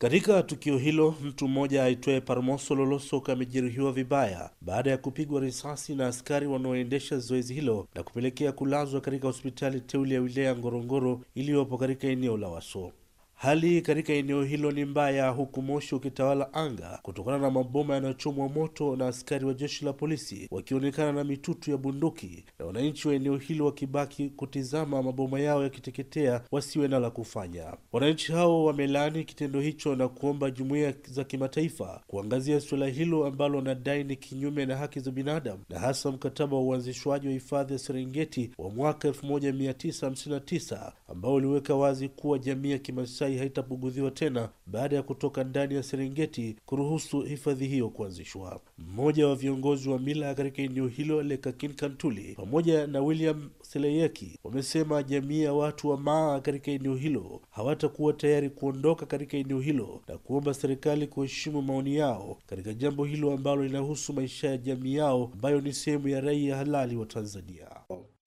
Katika tukio hilo mtu mmoja aitwaye Parmoso Lolosok amejeruhiwa vibaya baada ya kupigwa risasi na askari wanaoendesha zoezi hilo na kupelekea kulazwa katika hospitali teule ya wilaya ya Ngorongoro iliyopo katika eneo la Waso. Hali katika eneo hilo ni mbaya, huku moshi ukitawala anga kutokana na maboma yanayochomwa moto na askari wa jeshi la polisi wakionekana na mitutu ya bunduki, na wananchi wa eneo hilo wakibaki kutizama maboma yao yakiteketea wasiwe na la kufanya. Wananchi hao wamelaani kitendo hicho na kuomba jumuiya za kimataifa kuangazia suala hilo ambalo wanadai ni kinyume na haki za binadamu na hasa mkataba wa uanzishwaji wa hifadhi ya Serengeti wa mwaka 1959 ambao uliweka wazi kuwa jamii ya Kimasai haitapuguziwa tena baada ya kutoka ndani ya Serengeti kuruhusu hifadhi hiyo kuanzishwa. Mmoja wa viongozi wa mila katika eneo hilo Lekakin Kantuli pamoja na William Seleyeki wamesema jamii ya watu wa Maa katika eneo hilo hawatakuwa tayari kuondoka katika eneo hilo na kuomba serikali kuheshimu maoni yao katika jambo hilo ambalo linahusu maisha ya jamii yao ambayo ni sehemu ya raia halali wa Tanzania.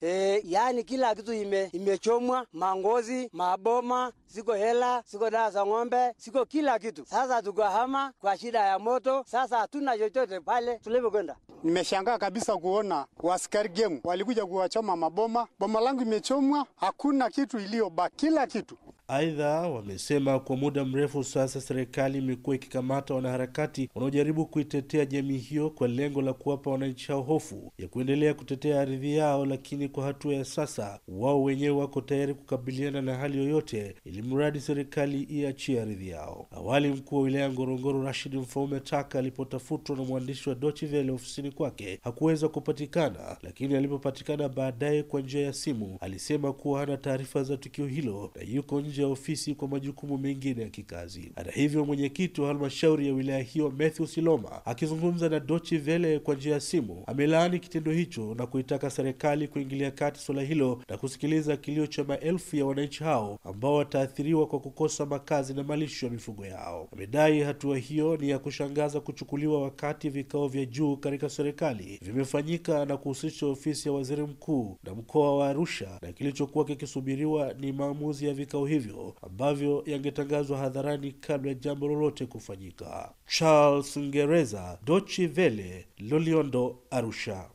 E, eh, yani kila kitu ime imechomwa, mangozi, maboma, siko hela, siko dawa za ng'ombe, siko kila kitu. Sasa tukahama kwa shida ya moto, sasa hatuna chochote pale tulivyokwenda. Nimeshangaa kabisa kuona waskari gemu walikuja kuwachoma maboma, boma langu imechomwa, hakuna kitu iliyobaki, kila kitu Aidha, wamesema kwa muda mrefu sasa serikali imekuwa ikikamata wanaharakati wanaojaribu kuitetea jamii hiyo kwa lengo la kuwapa wananchi hao hofu ya kuendelea kutetea ardhi yao, lakini kwa hatua ya sasa wao wenyewe wako tayari kukabiliana na hali yoyote ili mradi serikali iachie ardhi yao. Awali mkuu wa wilaya Ngorongoro Rashid Mfaume Taka alipotafutwa na mwandishi wa Deutsche Welle ofisini kwake hakuweza kupatikana, lakini alipopatikana baadaye kwa njia ya simu alisema kuwa hana taarifa za tukio hilo na yuko nje ya ofisi kwa majukumu mengine ya kikazi. Hata hivyo, mwenyekiti wa halmashauri ya wilaya hiyo Matthew Siloma akizungumza na Dochi Vele kwa njia ya simu amelaani kitendo hicho na kuitaka serikali kuingilia kati suala hilo na kusikiliza kilio cha maelfu ya wananchi hao ambao wataathiriwa kwa kukosa makazi na malisho ya mifugo yao. Amedai hatua hiyo ni ya kushangaza kuchukuliwa wakati vikao vya juu katika serikali vimefanyika na kuhusisha ofisi ya waziri mkuu na mkoa wa Arusha na kilichokuwa kikisubiriwa ni maamuzi ya vikao hivyo hivyo ambavyo yangetangazwa hadharani kabla ya jambo lolote kufanyika. Charles Ngereza, Dochi Vele, Loliondo, Arusha.